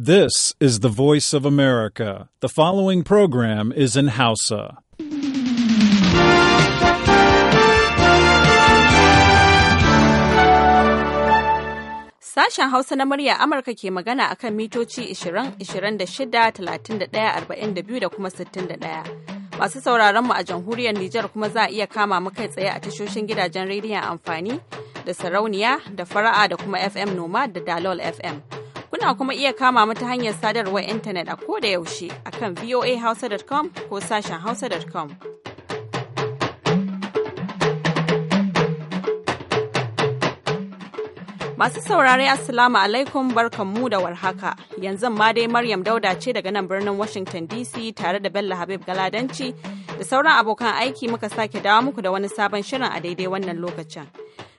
This is the voice of America. The following program is in Hausa. Sashen Hausa na murya Amurka ke magana a kan mitoci 20, 26, 31, 42 da kuma 61. Masu sauraron mu a jamhuriyar Nijar kuma za a iya kama mu tsaye a tashoshin gidajen rediyon amfani da sarauniya da fara'a da kuma FM Noma da Dalol FM. Kuna kuma iya kama mu ta hanyar sadarwar intanet a koda yaushe akan voahausa.com ko sashen hausa.com. Masu saurare Assalamu alaikum barkanmu da warhaka. Yanzu ma dai Maryam Dauda ce daga nan birnin Washington DC tare da Bello Habib Galadanci da sauran abokan aiki muka sake dawo muku da wani sabon shirin a daidai wannan lokacin.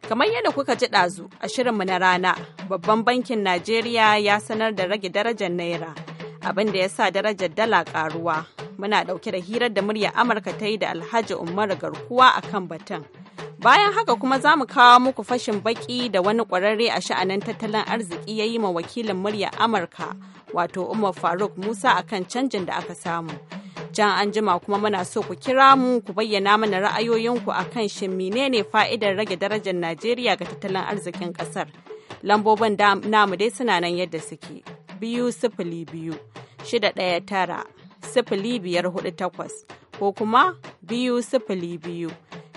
Kamar yadda kuka ji ɗazu a shirinmu na rana, babban bankin Najeriya ya sanar da rage darajar Naira, abin da ya sa darajar dala ƙaruwa. Muna ɗauke da hirar da muryar Amurka ta yi da Alhaji Umar Garkuwa a kan batun. Bayan haka kuma za mu kawo muku fashin baƙi da wani ƙwararre a sha'anin tattalin arziki ya yi ma wakilin muryar Amurka, wato Umar Faruk Musa akan canjin da aka samu. can anjima kuma muna so ku kira mu ku bayyana mana ra'ayoyinku a kan shin menene fa'idar rage darajar Najeriya ga tattalin arzikin ƙasar. Lambobin namu dai suna nan yadda suke. Biyu sifili biyu, shida ɗaya tara, sifili biyar hudu takwas, ko kuma biyu sifili biyu,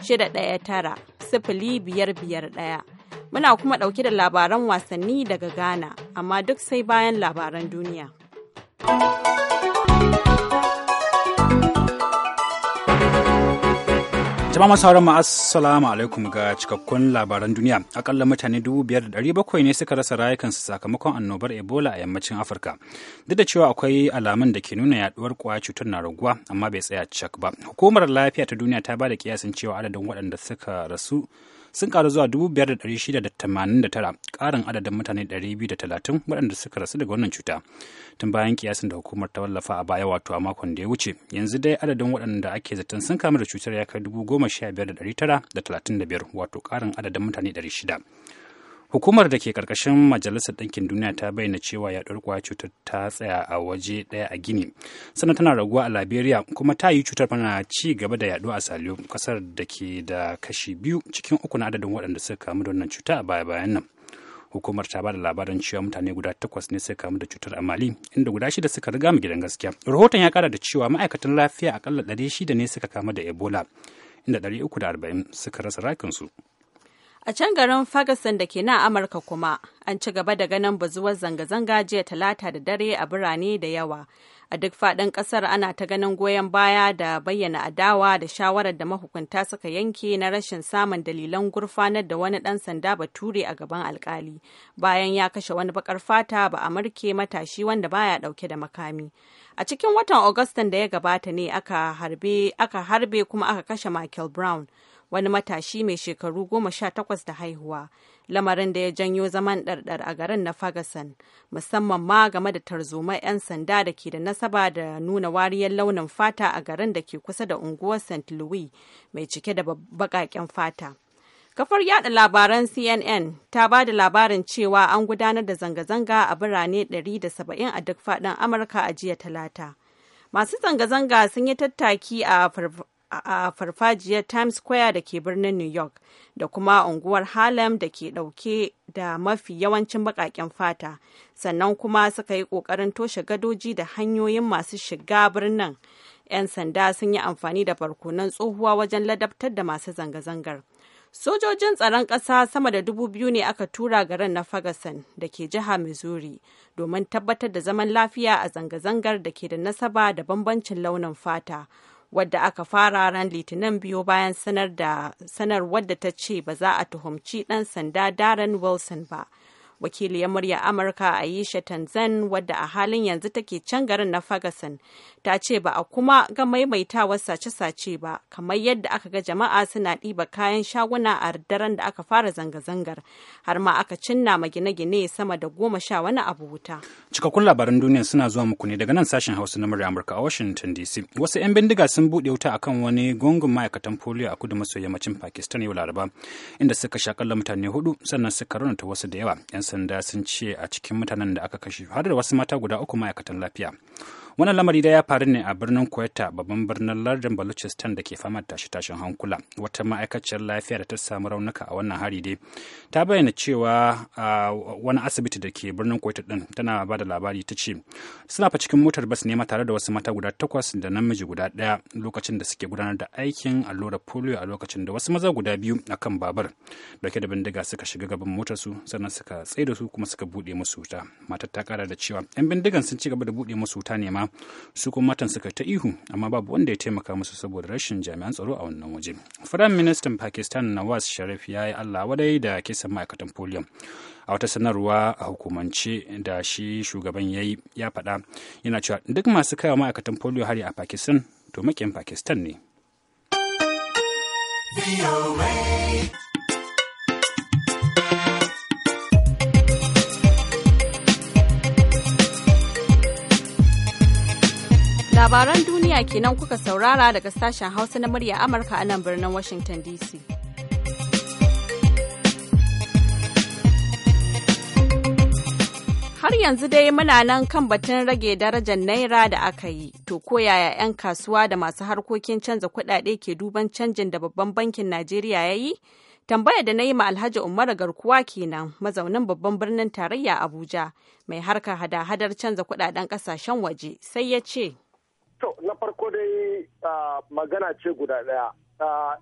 shida ɗaya tara, sifili biyar biyar ɗaya. Muna kuma ɗauke da labaran wasanni daga Ghana, amma duk sai bayan labaran duniya. Jama'a masu sauran assalamu alaikum ga cikakkun labaran duniya. Akalla mutane da bakwai ne suka rasa rayukansu sakamakon annobar Ebola a yammacin Afirka. Duk da cewa akwai alamun da ke nuna yaɗuwar kwa cutar na raguwa amma bai tsaya cak ba. Hukumar lafiya ta duniya ta ba da kiyasin cewa adadin waɗanda suka rasu sun karu zuwa 5,689 ƙarin adadin mutane 230 waɗanda suka rasu daga wannan cuta tun bayan kiyasin da hukumar ta wallafa a baya wato a makon da ya wuce yanzu dai adadin waɗanda ake zaton sun kama da cutar ya kai 15,935 wato ƙarin adadin mutane 600 Hukumar da ke karkashin Majalisar Ɗinkin Duniya ta bayyana cewa yaɗuwar kwayar cutar ta tsaya a waje ɗaya a Gini, sannan tana raguwa a Liberia kuma ta yi cutar tana ci gaba da yaɗuwa a Saliyo, ƙasar da ke da kashi biyu cikin uku na adadin waɗanda suka kamu da wannan cuta a baya-bayan nan. hukumar ta bada labarin cewa mutane guda takwas ne suka kamu da cutar a mali inda guda shida suka riga mu gidan gaskiya rahoton ya kara da cewa ma'aikatan lafiya akalla shida ne suka kamu da ebola inda ɗari uku da arba'in suka rasa rakinsu. A can garin Ferguson da ke nan Amurka kuma, an ci gaba da ganin bazuwar zanga-zanga jiya talata da dare a birane da yawa. A duk faɗin ƙasar ana ta ganin goyon baya da bayyana adawa da shawarar da mahukunta suka yanke na rashin samun dalilan gurfanar da wani ɗan sanda bature a gaban alkali bayan ya kashe wani bakar fata ba a murke matashi wanda baya ɗauke da makami. A cikin watan Agustan da ya gabata ne aka harbe kuma aka kashe Michael Brown. wani matashi mai shekaru goma sha takwas da haihuwa lamarin da ya janyo zaman ɗarɗar a garin na ferguson musamman ma game da tarzoma 'yan sanda da ke da nasaba da nuna wariyar launin fata a garin da ke kusa da unguwar st louis mai cike da baƙaƙen fata Kafar yada labaran CNN ta ba da labarin cewa an gudanar da zanga-zanga a birane da saba'in a duk faɗin Amurka a jiya talata. Masu zanga-zanga sun yi tattaki a a farfajiyar Times Square da ke birnin New York da kuma unguwar Harlem da ke dauke da mafi yawancin baƙaƙen fata, sannan kuma suka yi ƙoƙarin toshe gadoji da hanyoyin masu shiga birnin. 'Yan sanda sun yi amfani da barkonan tsohuwa wajen ladabtar da masu zanga-zangar. Sojojin tsaron ƙasa sama da dubu biyu ne aka tura garin na Ferguson da ke jiha Missouri domin tabbatar da zaman lafiya a zanga-zangar da ke da nasaba da bambancin launin fata. wadda aka fara ran litinin biyu bayan sanar wadda ta ce ba za a tuhumci dan sanda Darren Wilson ba. Wakiliyar murya Amurka Aisha Tanzan wadda a halin yanzu take can garin na Ferguson ta ce ba a kuma ga maimaitawar sace-sace ba kamar yadda aka ga jama'a suna ɗiba kayan shaguna a daren da aka fara zanga-zangar har ma aka cinna ma gine-gine sama da goma sha wani abu wuta. cikakkun labaran duniya suna zuwa muku ne daga nan sashen hausa na murya amurka a washington dc wasu 'yan bindiga sun buɗe wuta akan wani gungun ma'aikatan polio a kudu maso yammacin pakistan yau laraba inda suka sha shakalla mutane hudu sannan suka raunata wasu da yawa 'yan sanda sun ce a cikin mutanen da aka kashe har da wasu mata guda uku ma'aikatan lafiya. wannan lamari da ya faru ne a birnin kwaita babban birnin lardin baluchistan da ke fama da tashe-tashen hankula wata ma'aikaciyar lafiya da ta samu raunuka a wannan hari dai ta bayyana cewa wani asibiti da ke birnin kwaita din tana ba da labari ta ce suna fa cikin motar bas ne tare da wasu mata guda takwas da namiji guda daya lokacin da suke gudanar da aikin allura polio a lokacin da wasu maza guda biyu akan babar dauke da bindiga suka shiga gaban motar su sannan suka tsaye da su kuma suka buɗe musu wuta matar ta kara da cewa 'yan bindigan sun ci gaba da buɗe musu wuta ne ma su kuma matan suka ta ihu amma babu wanda ya taimaka musu saboda rashin jami'an tsaro a wannan waje firayim ministan pakistan nawaz sharif ya yi allah wadai da kisan ma'aikatan polio a wata sanarwa a hukumance da shi shugaban ya yi ya faɗa yana cewa duk masu kawo ma'aikatan polio hari a pakistan to makin pakistan ne. Labaran duniya kenan kuka saurara daga sashen Hausa na murya Amurka a nan birnin Washington DC. Har yanzu dai muna nan kan batun rage darajar Naira da aka yi, to koyaya 'yan kasuwa da masu harkokin canza kuɗaɗe ke duban canjin da babban bankin Najeriya ya yi? Tambaya da na yi ma Alhaji Umar Garkuwa kenan mazaunin babban birnin tarayya Abuja mai harkar hada-hadar canza kuɗaɗen ƙasashen waje sai ya ce. To, na farko dai magana ce guda ɗaya.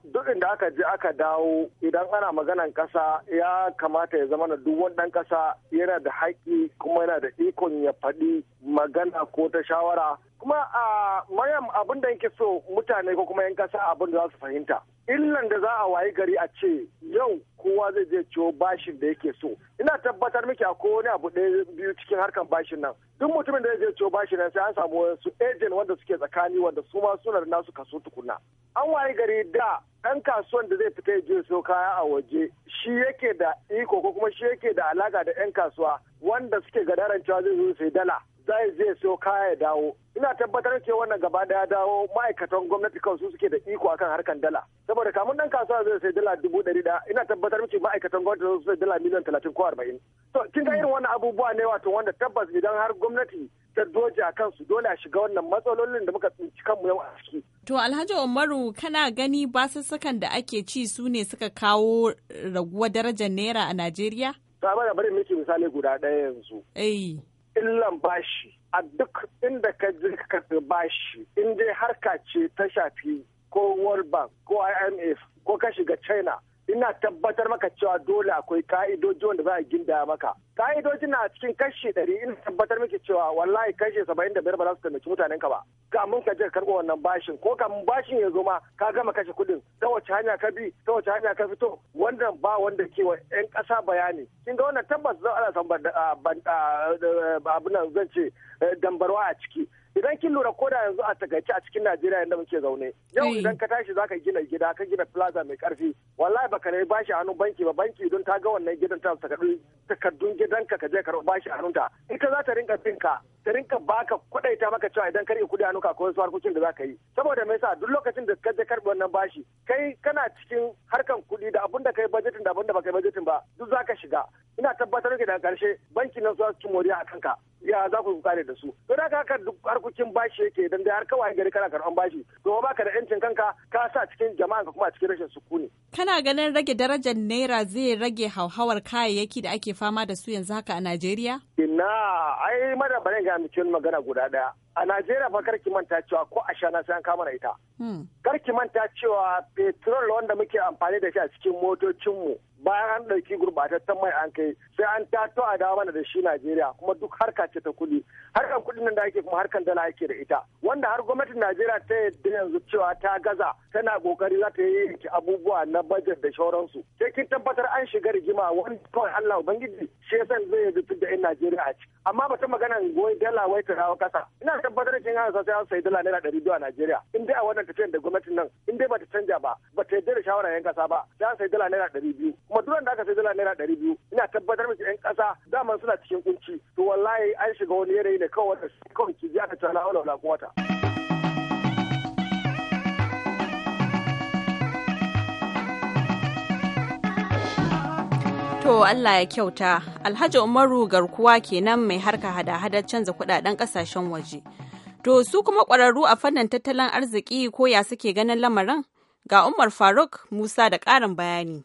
duk inda aka je aka dawo idan ana maganan kasa ya kamata ya zama na duk wani ɗan kasa yana da haƙƙi kuma yana da ikon ya faɗi magana ko ta shawara kuma a maryam abin da yake so mutane ko kuma 'yan kasa abin da za su fahimta illan da za a wayi gari a ce yau kowa zai je ciwo bashin da yake so ina tabbatar miki a wani abu ɗaya biyu cikin harkar bashin nan duk mutumin da zai je ciwo bashin nan sai an samu wasu agent wanda suke tsakani wanda su ma suna da nasu kaso tukuna an wayi gari da ɗan kasuwan da zai fita ya je so kaya a waje shi yake da iko ko kuma shi yake da alaka da 'yan kasuwa wanda suke gadaran cewa zai zo sai dala zai je so kaya ya dawo ina tabbatar cewa wannan gaba daya dawo ma'aikatan gwamnati kansu suke da iko akan harkan dala saboda kamun dan kasuwa zai sai dala dubu ɗari da ina tabbatar miki ma'aikatan gwamnati zai sai dala miliyan talatin ko arba'in to kin ga irin wannan abubuwa ne wato wanda tabbas idan har gwamnati ta doje a kansu dole a shiga wannan matsalolin da muka tsinci kanmu yau a ciki. To Alhaji Umaru kana gani basussukan da ake ci su ne suka kawo raguwa darajar naira a Najeriya? Ta bari miki misali guda ɗaya yanzu. Illan bashi a duk inda ka je ka bashi in dai harka ce ta shafi ko world bank ko imf ko ka shiga china ina tabbatar maka cewa dole akwai ka'idojin da za a gindaya maka ka'idoji na cikin kashi ɗari ina tabbatar miki cewa wallahi kashi saba'in da biyar ba za su taimaki mutanen ka ba mun ka je ka karɓo wannan bashin ko kamun bashin ya zo ma ka gama kashe kuɗin ta wace hanya ka bi ta wace hanya ka fito wannan ba wanda ke wa 'yan ƙasa bayani kin ga wannan tabbas zan ana san ah, ah, ah, abin zan ce eh, dambarwa a ciki idan kin lura ko da yanzu a takaice a cikin Najeriya inda muke zaune yau eh. idan ka tashi zaka gina gida ka gina plaza mai karfi wallahi baka ne bashi hannun banki ba banki don ta ga wannan gidan ta saka takardun gidanka ka je ka ba shi hannunta ita za ta rinka ka ta rinka baka ta maka cewa idan ka rike kudi hannunka ko wasu harkokin da za ka yi saboda me yasa duk lokacin da ka je karbi wannan bashi kai kana cikin harkan kudi da abun da kai bajetin da abun da baka yi bajetin ba duk za ka shiga ina tabbatar da karshe bankin nan su ci moriya a kanka ya za ku kare da su to da ka duk harkokin bashi yake dan da har kawai gari kana karban bashi to ba ka da yancin kanka ka sa cikin jama'a ka kuma cikin rashin sukuni kana ganin rage darajar naira zai rage hauhawar kayayyaki da ake fama da su yanzu haka a Najeriya ina ai madabarin ga mutum magana guda daya a Najeriya fa kar ki manta cewa ko a shana sai an kama na ita. Hmm. Kar ki manta cewa petrol wanda muke amfani da shi a cikin motocinmu bayan an ɗauki gurbataccen mai an kai sai an tato a dama mana da shi Najeriya kuma duk harka ce ta kuɗi. Harkar kuɗin nan da ake kuma harkar dala ake da ita. Wanda har gwamnatin Najeriya ta yadda yanzu cewa ta gaza tana kokari za ta yi abubuwa na bajet da shauransu. Sai kin tabbatar an shiga rigima wani kawai Allah Ubangiji shi zai yi da 'yan Najeriya a ciki. Amma ba ta magana goyi dala wai ta dawo kasa. Ina tabbatar da hana sai an sayi dala naira ɗari biyu a Najeriya in dai a wannan tafiyar da gwamnatin nan in dai ba ta canja ba ba ta yarda da shawara yan kasa ba sai an sayi dala naira ɗari biyu kuma duk da aka sayi dala naira ɗari biyu ina tabbatar miki yan kasa daman suna cikin kunci to wallahi an shiga wani yanayi ne kawai kawai ki ji aka tsala wala wala kuma To Allah ya kyauta, Alhaji Umaru garkuwa kenan mai harka hada-hadar canza kudaden kasashen waje. To su kuma kwararru a fannin tattalin arziki ko ya suke ganin lamarin? Ga Umar Faruk Musa da ƙarin bayani.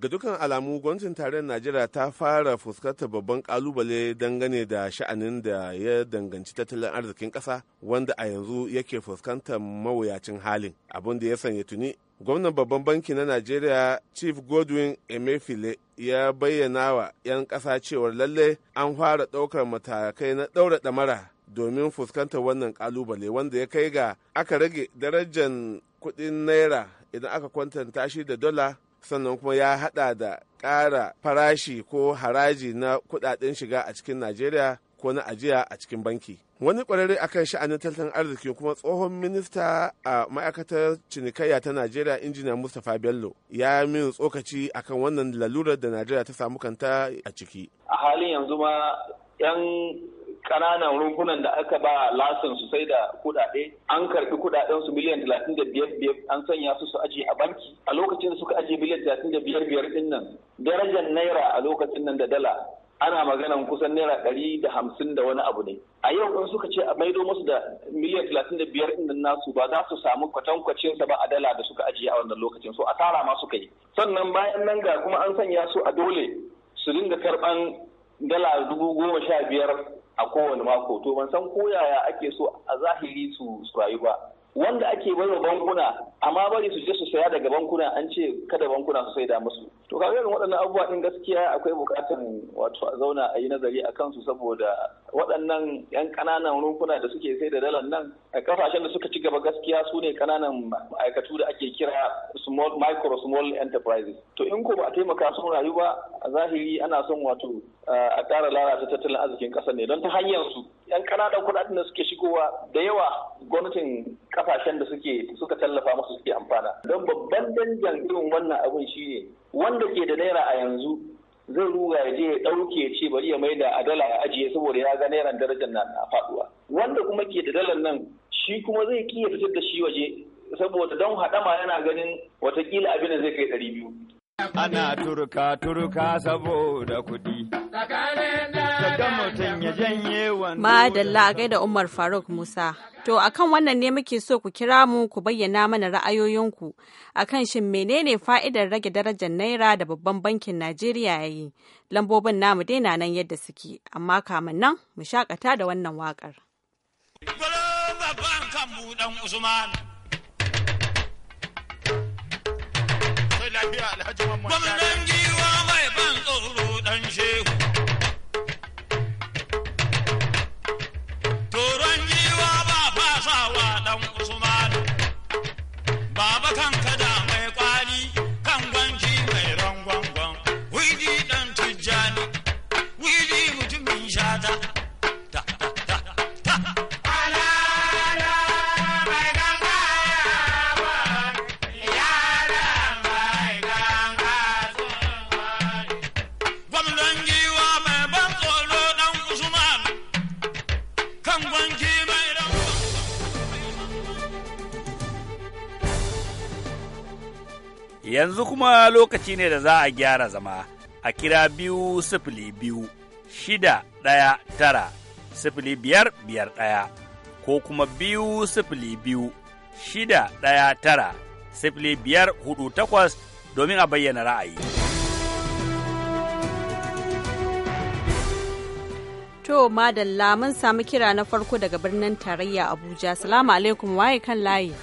ga dukkan alamu gwamnatin tarayyar najeriya ta fara fuskantar babban kalubale dangane da sha'anin da ya danganci tattalin arzikin ƙasa wanda a yanzu yake fuskantar mawuyacin halin abin da ya sanya tuni gwamnan babban banki na najeriya chief godwin emefiele ya bayyana wa 'yan ƙasa cewar lalle an fara ɗaukar matakai na ɗaura ɗamara domin fuskantar wannan ƙalubale wanda ya kai ga aka rage darajar kuɗin naira idan aka kwantanta shi da dola sannan kuma ya hada da ƙara farashi ko haraji na kuɗaɗen shiga a cikin najeriya ko na ajiya a cikin banki wani kwararre akan sha'anin tattalin arziki kuma tsohon minista a ma'aikatar cinikayya ta najeriya injiniya mustapha bello ya min tsokaci akan wannan lalurar da najeriya ta samu kanta a ciki a halin yanzu ma yan kananan rumfunan da aka ba lasin su sai da kudade an karbi kudaden su miliyan 35 an sanya su su aje a banki a lokacin da suka aje miliyan 35 din nan darajar naira a lokacin nan da dala ana maganan kusan naira ɗari da hamsin da wani abu ne a yau in suka ce a maido musu da miliyan talatin da biyar ɗin nasu ba za su samu kwatankwacin sa ba a dala da suka ajiye a wannan lokacin so a tara ma suka yi sannan bayan nan ga kuma an sanya su a dole su dinga karɓan dala dubu goma sha biyar a kowane mako to ban san ko yaya ake so a zahiri su rayu ba wanda ake baiwa bankuna amma bari su je su saya daga bankuna an ce kada bankuna su saida musu to kaga irin waɗannan abubuwa din gaskiya akwai bukatar wato a zauna a yi nazari a kansu saboda waɗannan yan ƙananan rukuna da suke saida dalar nan a kafashen da suka ci gaba gaskiya su ne ƙananan ma'aikatu da ake kira small micro small enterprises to in ko ba a taimaka sun rayu ba a zahiri ana son wato a ƙara lalata tattalin arzikin ƙasar ne don ta hanyar su yan ƙananan kuɗaɗen da suke shigowa da yawa gwamnatin kafashen da suke suka tallafa musu suke amfana don babban danjan irin wannan abun ne. wanda ke da naira a yanzu zai ruga ya je ya ɗauke ce bari ya mai da a dala ya ajiye saboda ya ga nairan darajar nan a faduwa wanda kuma ke da dalar nan shi kuma zai kiya fitar da shi waje saboda don haɗama yana ganin watakila abin da zai kai ɗari biyu. Ana turka turka saboda kuɗi. Madalla da Umar Faruk Musa. To akan wannan ne muke so ku kira mu ku bayyana mana ra'ayoyinku akan shin menene fa'idar rage darajar naira da babban bankin Najeriya ya yi. Lambobin namu dai na nan yadda suke, amma kamin nan mu shakata da wannan wakar. Gwamnan giwa Yanzu kuma lokaci ne da za a gyara zama, a kira biyu sifili biyu, shida ɗaya tara, sifili biyar biyar ɗaya, ko kuma biyu sifili biyu, shida ɗaya tara, sifili biyar hudu takwas domin a bayyana ra'ayi. To madalla mun samu kira na farko daga birnin tarayya Abuja. Salamu alaikum waye kan layi.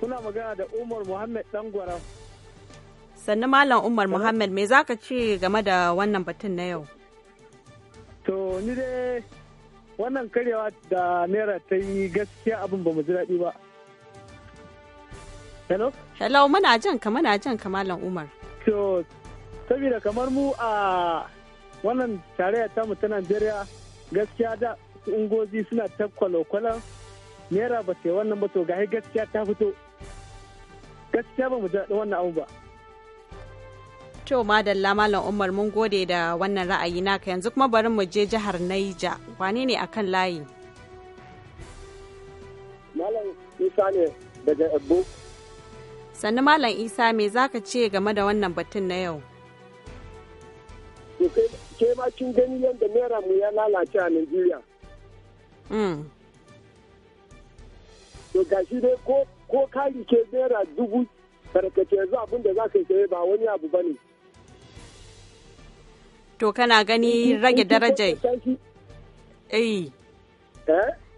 Kuna magana da Umar Muhammad Dangwaram. Sannu Malam Umar Muhammad me za ka ce game da wannan batun na yau? To ni dai wannan karyawa da Naira ta yi gaskiya abin ba mu ji daɗi ba. Hello? Hello muna jan ka muna jan ka Malam Umar. To saboda kamar mu a wannan tarayyar mu ta Najeriya gaskiya da ungozi suna ta kwalokwalon naira ba ta yi wannan ba to gashi gaskiya ta fito gaskiya ba mu ji wannan abu ba To madalla Malam Umar mun gode da wannan ra'ayi naka yanzu kuma bari mu je jihar Naija wane ne akan layi? Malam Isa ne daga ebo Sannu Malam Isa me za ka ce game da wannan batun na yau? Ke ma kin gani yadda naira mu ya lalace a Najeriya. Mm. to gashi dai ko ko kari ke naira dubu karkace yanzu abin da za ka saye ba wani abu ba ne. To kana gani rage darajar eh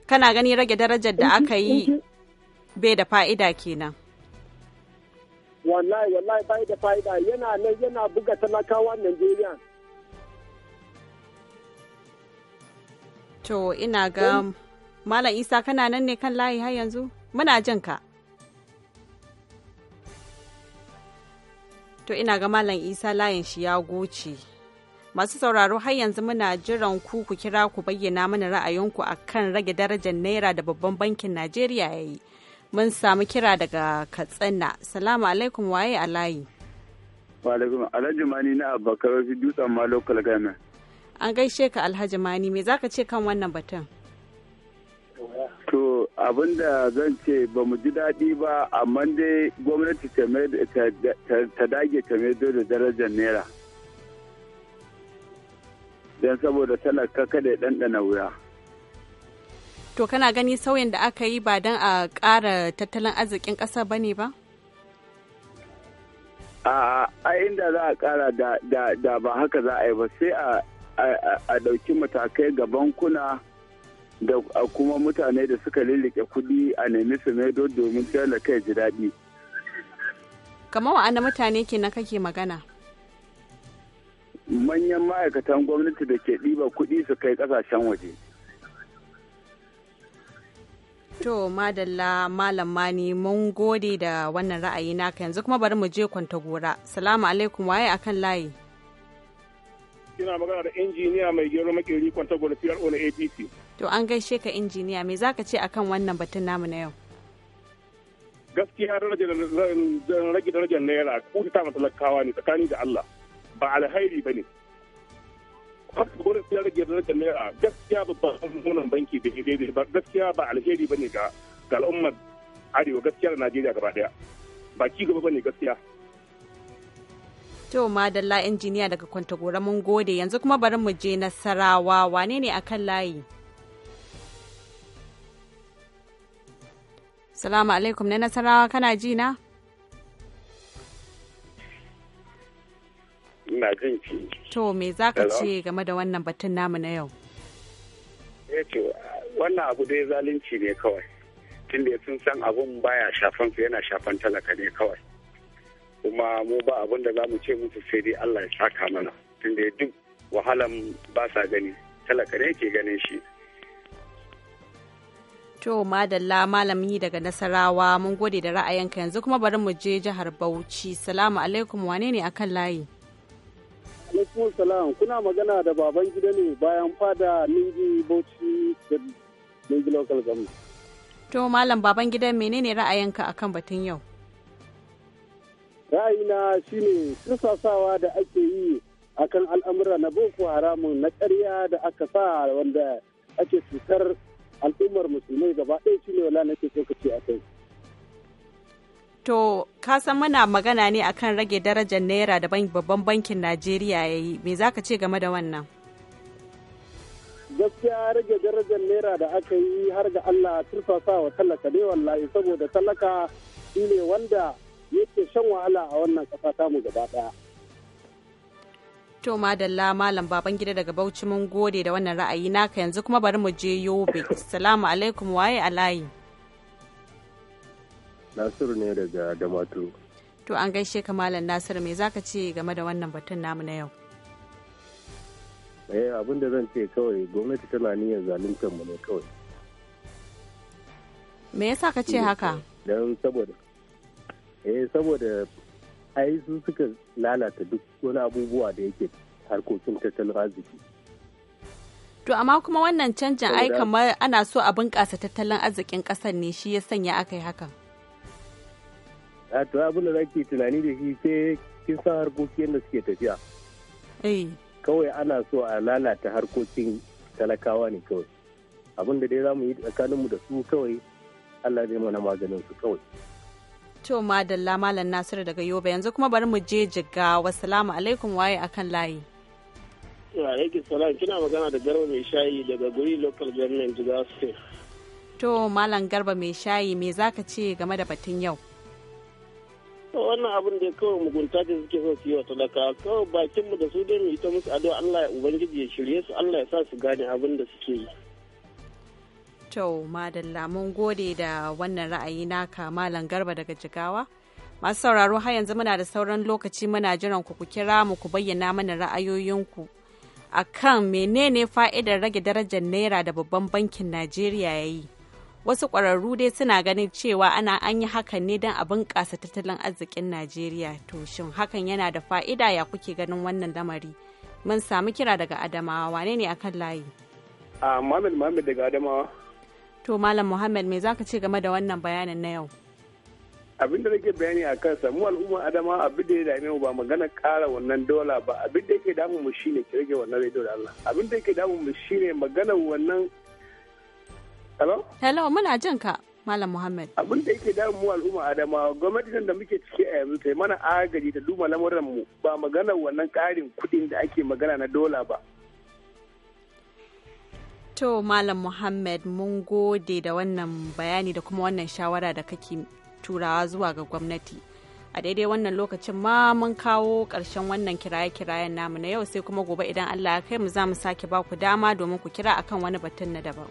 kana gani rage darajar da aka yi bai da fa'ida kenan. Wallahi wallahi bai da fa'ida yana nan yana buga talakawa Najeriya. To ina ga Malam Isa kana nan ne kan layi har yanzu? Muna jin ka. To ina ga Malam Isa layin shi ya goce. Masu sauraro har yanzu muna jiran ku ku kira ku bayyana mana ra'ayinku a kan rage darajar naira da babban bankin Najeriya ya yi. Mun samu kira daga Katsina. Salamu alaikum waye a layi. alaikum Alhaji Mani na Abubakar Dutsen ma local An gaishe ka Alhaji Mani me zaka ce kan wannan batun? To abinda zan ce ba mu ji daɗi ba amma dai gwamnati ta dage ta maido da darajar naira. Don saboda talaka kada ya ɗanɗana wuya. To kana gani sauyin da aka yi ba don a ƙara tattalin arzikin ƙasa ba ne ba? A inda za a ƙara da ba haka za a yi ba sai a ɗauki matakai ga bankuna. da kuma mutane da suka lillike kuɗi a nemi su maido domin talaka kai ji daɗi. kamar wa'anda mutane ke na kake magana manyan ma'aikatan gwamnati da ke ɗiba kuɗi su kai ƙasashen waje To madalla malam mani mun gode da wannan ra'ayi naka yanzu kuma bari mu je kwanta gora. Salamu alaikum waye akan layi. Kina magana da injiniya mai gero makeri kwanta gora PRO na APC. To an gaishe ka injiniya me zaka ce akan wannan batun namu na yau? Gaskiya rage rage naira ko ta lakawa ne tsakani da Allah ba alhairi ba ne. da ba alheri bane ga al'umma arewa gaskiya da Najeriya gaba daya. Ba gaba gaskiya. To madalla injiniya daga kwantagora mun gode yanzu kuma bari mu je nasarawa wane ne akan layi? Salamu alaikum na Nasarawa kana ji na? Ina jin ki. To me za ka ce game da wannan batun namu na yau? ya eh to wannan abu dai zalunci ne kawai. tun da sun san abun baya shafan su yana shafan talaka ne kawai. Kuma mu ba abun da za mu ce musu sai dai Allah ya saka mana. tun da duk wahalan ba sa gani talaka ne ke ganin shi. To madalla malami daga Nasarawa mun gode da ra'ayinka yanzu kuma bari mu je jihar Bauchi. Salamu alaikum wane ne akan layi? Alaikum salam kuna magana da baban gida ne bayan fada Ningi Bauchi da Ningi local government. To malam baban gida menene ra'ayinka akan batun yau? Ra'ayina shine sassasawa da ake yi akan al'amura na Boko Haramun na ƙarya da aka sa wanda ake cutar al'ummar musulmai gaba ɗaya shine wala nake so a kai to ka san mana magana ne akan rage darajar naira da babban bankin Najeriya ya yi, me za ka ce game da wannan gaskiya rage darajar naira da aka yi har ga Allah turfasa wa talaka ne wallahi saboda talaka ne wanda yake shan wahala a wannan kasa tamu gaba ɗaya. To madalla malam baban gida daga Bauchi mun gode da wannan ra'ayi naka yanzu kuma bari mu je Yobe. Assalamu alaikum waye alayi. Nasiru ne daga Damatu. To an gaishe ka malam Nasiru me zaka ce game da wannan batun namu na yau? Eh abin da zan ce kawai gwamnati tana niyyar zaluntar mu ne kawai. Me yasa ka ce haka? Dan saboda eh saboda ai su suka lalata duk wani abubuwa da yake harkokin tattalin arziki to amma kuma wannan canjin ai kamar ana so a bunƙasa tattalin arzikin ƙasar ne shi ya sanya aka yi hakan a to abin da zaki tunani da shi sai kin san harkokin yadda suke tafiya eh. kawai ana so a lalata harkokin talakawa ne kawai abin da dai za mu yi tsakaninmu da su kawai Allah zai mana maganin su kawai To madalla Malam Nasiru daga Yobe yanzu kuma bari mu je jiga wasalamu alaikum waye akan layi. Wa alaikum salam kina magana da Garba mai shayi daga guri local government jiga state. To Malam Garba mai shayi me zaka ce game da batun yau? wannan abin da kawai mugunta da suke so su yi wa talaka kawai bakinmu da su dai mu ita musu addu'a Allah ya ubangiji ya shirye su Allah ya sa su gane abin da suke yi. To madalla mun gode da wannan ra'ayi naka Malam Garba daga Jigawa. Masu sauraro har yanzu muna da sauran lokaci muna jiran ku ku kira mu ku bayyana mana ra'ayoyinku a kan menene fa'idar rage darajar naira da babban bankin Najeriya ya yi. Wasu ƙwararru dai suna ganin cewa ana an yi hakan ne don a bunƙasa tattalin arzikin Najeriya. To shin hakan yana da fa'ida ya kuke ganin wannan lamari? Mun samu kira daga Adamawa wane ne akan layi? Ah, Mamil Mamil daga Adamawa. To Malam Muhammad me zaka ce game da wannan bayanin na yau? Abin da nake bayani a kansa mu al'umma Adama abin da ya dame mu ba magana kara wannan dola ba abin da yake damu mu shine ki rage wannan rai da Allah. Abin da yake damu mu shine magana wannan Hello? Hello muna jin ka. Malam Muhammad. Abin da yake damu mu al'umma Adama gwamnati nan da muke ciki a yanzu sai mana agaji ta duba lamuran mu ba magana wannan karin kudin da ake magana na dola ba. To Malam Muhammad mun gode da wannan bayani da kuma wannan shawara da kake turawa zuwa ga gwamnati. A daidai wannan lokacin ma mun kawo ƙarshen wannan kiraye-kirayen namu na yau sai kuma gobe idan Allah ya kai mu za mu sake ba ku dama domin ku kira akan wani batun na daban.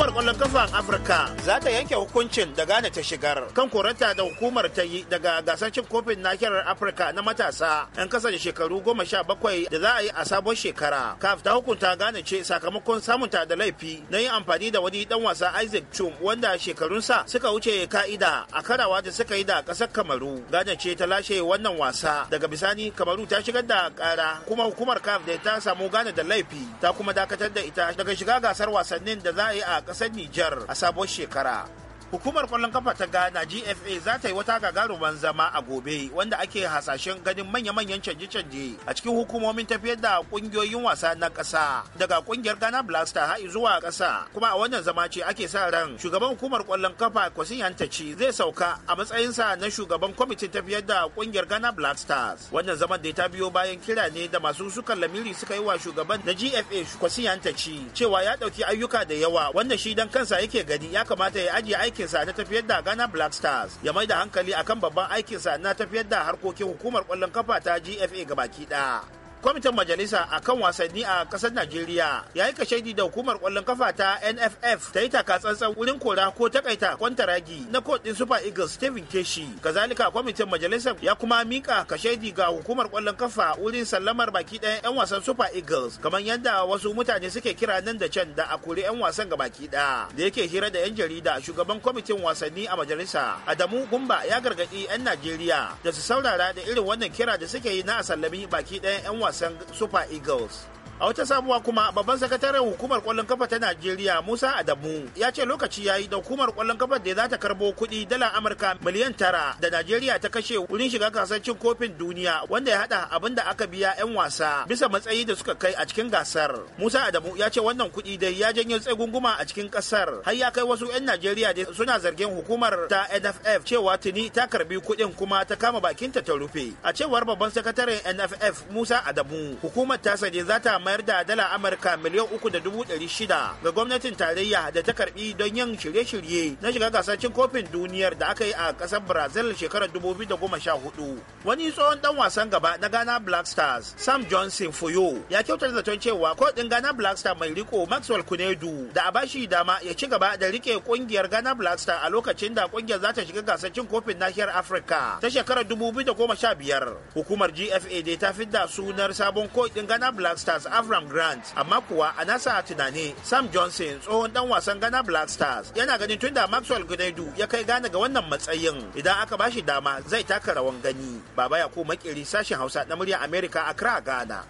Ƙwallon kwallon kafan afirka za ta yanke hukuncin da gane ta shigar kan koranta da hukumar ta yi daga gasar cin kofin nahiyar afirka na matasa 'yan kasa da shekaru goma sha bakwai da za a yi a sabon shekara kaf ta hukunta gane ce sakamakon samunta da laifi na yin amfani da wani dan wasa isaac chum wanda shekarun sa suka wuce ka'ida a karawa da suka yi da kasar kamaru gane ce ta lashe wannan wasa daga bisani kamaru ta shigar da kara kuma hukumar kaf da ta samu gane da laifi ta kuma dakatar da ita daga shiga gasar wasannin da za a yi a kasar ƙasar Nijar a sabon shekara. hukumar kwallon kafa ta ghana gfa za ta yi wata gagaruman zama a gobe wanda ake hasashen ganin manya-manyan canje-canje a cikin hukumomin tafiyar da kungiyoyin wasa na ƙasa daga kungiyar ghana blaster har zuwa ƙasa kuma a wannan zama ce ake sa ran shugaban hukumar kwallon kafa kwasi yantaci zai sauka a matsayinsa na shugaban kwamitin tafiyar da kungiyar ghana black stars wannan zaman da ta biyo bayan kira ne da masu sukan lamiri suka yi wa shugaban na gfa kwasi yantaci cewa ya ɗauki ayyuka da yawa wanda shi dan kansa yake gani ya kamata ya ajiye aikin aikinsa na tafiyar da Ghana Black Stars ya mai da hankali akan babban aikinsa na tafiyar da harkokin hukumar kwallon kafa ta GFA gabaki ɗaya. kwamitin majalisa a kan wasanni a kasar najeriya ya yi kashedi da hukumar kwallon kafa ta nff ta yi taka takatsantsan wurin kora ko takaita kwantaragi na kodin super eagles stephen keshi kazalika kwamitin majalisa ya kuma mika kashedi ga hukumar kwallon kafa wurin sallamar baki ɗaya 'yan wasan super eagles kamar yadda wasu mutane suke kira nan da can da a kori 'yan wasan ga baki ɗaya da yake hira da 'yan jarida shugaban kwamitin wasanni a majalisa adamu gumba ya gargaɗi 'yan najeriya da su saurara da irin wannan kira da suke yi na a sallami baki ɗaya 'yan wasan Super Eagles. A wata sabuwa kuma babban sakataren hukumar kwallon kafa ta Najeriya Musa Adamu ya ce lokaci yayi da hukumar kwallon kafa da za ta karbo kuɗi dala Amurka miliyan tara da Najeriya ta kashe wurin shiga gasar cin kofin duniya wanda ya hada abin da aka biya 'yan wasa bisa matsayi da suka kai a cikin gasar. Musa Adamu ya ce wannan kuɗi dai ya janyo tsegunguma a cikin kasar har ya kai wasu 'yan Najeriya da suna zargin hukumar ta NFF cewa tuni ta karbi kuɗin kuma ta kama bakinta ta rufe. A cewar babban sakataren NFF Musa Adamu hukumar ta sanye za ta mayar da dala amurka miliyan uku da dubu ɗari shida ga gwamnatin tarayya da ta karbi don yin shirye-shirye na shiga gasar cin kofin duniyar da aka yi a ƙasar brazil shekarar dubu biyu da goma sha hudu wani tsohon dan wasan gaba na ghana black stars sam johnson fuyo ya kyautar zaton cewa kodin ghana black stars mai riko maxwell kunedu da a bashi dama ya ci gaba da rike kungiyar ghana black stars a lokacin da kungiyar za ta shiga gasar cin kofin nahiyar afirka ta shekarar dubu biyu da goma sha biyar hukumar gfa dai ta fidda sunar sabon kodin ghana black stars Avram Grant amma kuwa a nasa tunani Sam Johnson tsohon dan wasan Ghana Black Stars yana ganin tunda Maxwell Gunaidu ya kai Ghana ga wannan matsayin idan aka bashi dama zai taka rawan gani Baba ya Yakubu Makeri sashen Hausa na murya America Accra Ghana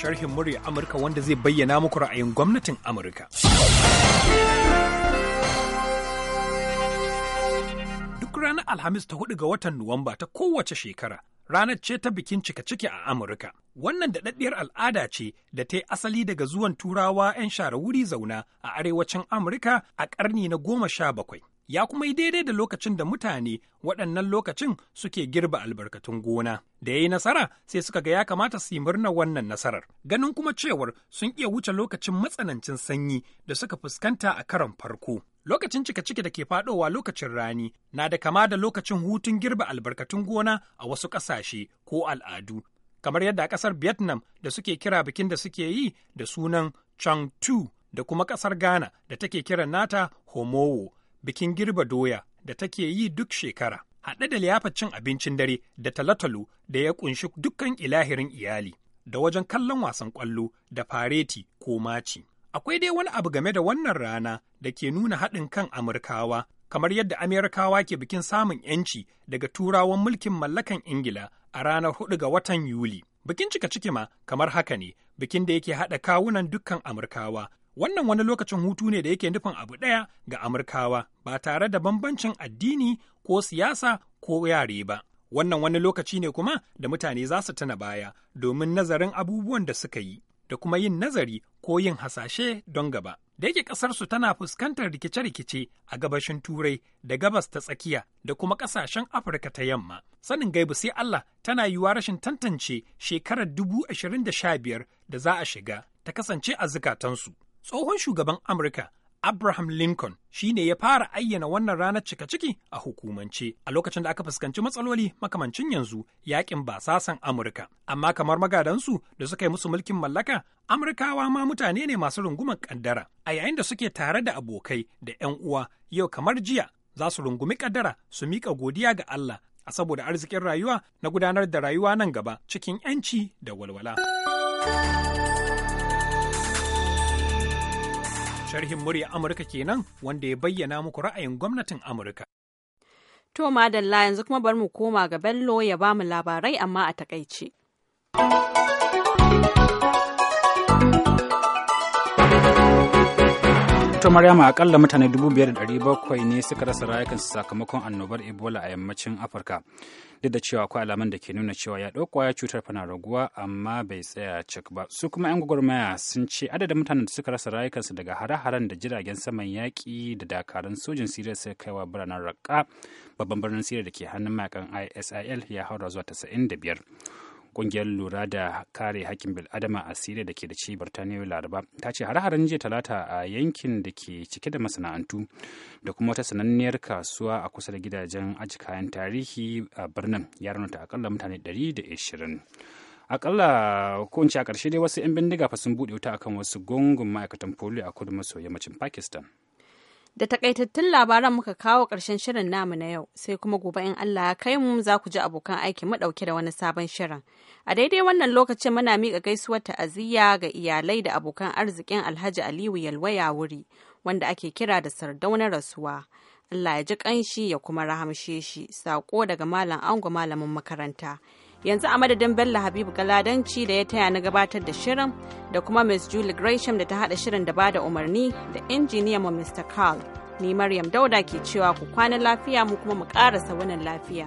sharhin murya Amurka wanda zai bayyana muku ra'ayin gwamnatin Amurka. Duk ranar Alhamis ta hudu ga watan Nuwamba ta kowace shekara, ranar ce ta bikin cika ciki a Amurka. Wannan daɗaɗɗiyar al'ada ce da ta yi asali daga zuwan Turawa 'yan shara wuri zauna a arewacin Amurka a ƙarni na goma sha bakwai. ya kuma yi daidai da lokacin da mutane waɗannan lokacin suke girba albarkatun gona. Da ya yi nasara sai suka ga ya kamata su yi murna wannan nasarar. Ganin kuma cewar sun iya wuce lokacin matsanancin sanyi da suka fuskanta a karon farko. Lokacin cika ciki da ke faɗowa lokacin rani na da kama da lokacin hutun girba albarkatun gona a wasu ƙasashe ko al'adu. Kamar yadda ƙasar Vietnam da suke kira bikin da suke yi da sunan Tu da kuma ƙasar Ghana da take kiran nata Homowo bikin girba doya da take yi duk shekara, haɗe da liyafar cin abincin dare da talotalo da ya ƙunshi dukkan ilahirin iyali, da wajen kallon wasan ƙwallo da fareti ko maci. Akwai dai wani abu game da wannan rana da ke nuna haɗin kan Amurkawa, kamar yadda Amerikawa ke bikin samun 'yanci daga turawan mulkin mallakan Ingila a ranar 4 ga watan Yuli. Bikin cika ciki ma kamar haka ne, bikin da yake haɗa kawunan dukkan Amurkawa Wannan wani lokacin hutu ne da yake nufin abu ɗaya ga Amurkawa ba tare da bambancin addini ko siyasa ko yare ba. Wannan wani lokaci ne kuma da mutane za su tuna baya domin nazarin abubuwan da suka yi da kuma yin nazari ko yin hasashe don gaba. da yake ƙasarsu tana fuskantar rikice-rikice a gabashin turai da gabas ta tsakiya da kuma ƙasashen afirka ta yamma sanin gaibu sai allah tana yiwuwa rashin tantance shekarar dubu ashirin da sha biyar da za a shiga ta kasance a zukatansu Tsohon shugaban Amurka Abraham Lincoln shi ne ya fara ayyana wannan ranar cika ciki a hukumance a lokacin da aka fuskanci matsaloli makamancin yanzu yakin basasan Amurka. Amma kamar magadansu da suka yi musu mulkin mallaka, Amurkawa ma mutane ne masu runguman kaddara a yayin da suke tare da abokai da 'yan uwa yau kamar jiya za su rungumi kaddara su miƙa godiya ga Allah a saboda arzikin rayuwa na gudanar da rayuwa nan gaba cikin 'yanci da walwala. Sharhin murya Amurka kenan wanda ya bayyana muku ra'ayin gwamnatin Amurka. To madalla yanzu kuma bar mu koma ga Bello ya ba mu labarai amma a takaice. to maryama akalla mutane 5,700 ne suka rasa rayukansu sakamakon annobar ebola a yammacin afirka duk da cewa akwai alaman da ke nuna cewa ya ya cutar fana raguwa amma bai tsaya cik ba su kuma 'yan gwagwarmaya sun ce adadin mutanen da suka rasa rayukansu daga hare-haren da jiragen saman yaƙi da dakarun sojin siriya suka wa biranen raƙa babban birnin siriya da ke hannun mayakan isil ya haura zuwa 95 Ƙungiyar lura da kare hakkin bil'adama a Siriya da ke da ci Birtaniya Laraba ta ce har haren jiya talata a yankin da ke cike da masana'antu da kuma wata sananniyar kasuwa a kusa da gidajen aji kayan tarihi a birnin ya ta akalla mutane 120. akalla ko a ƙarshe dai wasu 'yan bindiga fa sun buɗe wuta akan wasu gungun ma'aikatan foli a kudu maso yammacin pakistan Da takaitattun labaran muka kawo ƙarshen shirin namu na yau, sai kuma gobe in Allah ya kai mu za ku ji abokan aiki mu ɗauke da wani sabon shirin. A daidai wannan lokacin muna miƙa gaisuwar ta'aziyya ga iyalai da abokan arzikin Alhaji Aliyu Yalwaya wuri, wanda ake kira da sardauna rasuwa. Allah ya ji ƙanshi ya kuma rahamshe shi, saƙo daga Malam Ango malamin makaranta. yanzu a madadin bello habibu galadanci da ya taya na gabatar da shirin da kuma miss julie gresham da ta hada shirin da ba da umarni da injiniyan mu mr carl ni maryam dauda ke cewa ku kwana lafiya mu kuma mu karasa wannan lafiya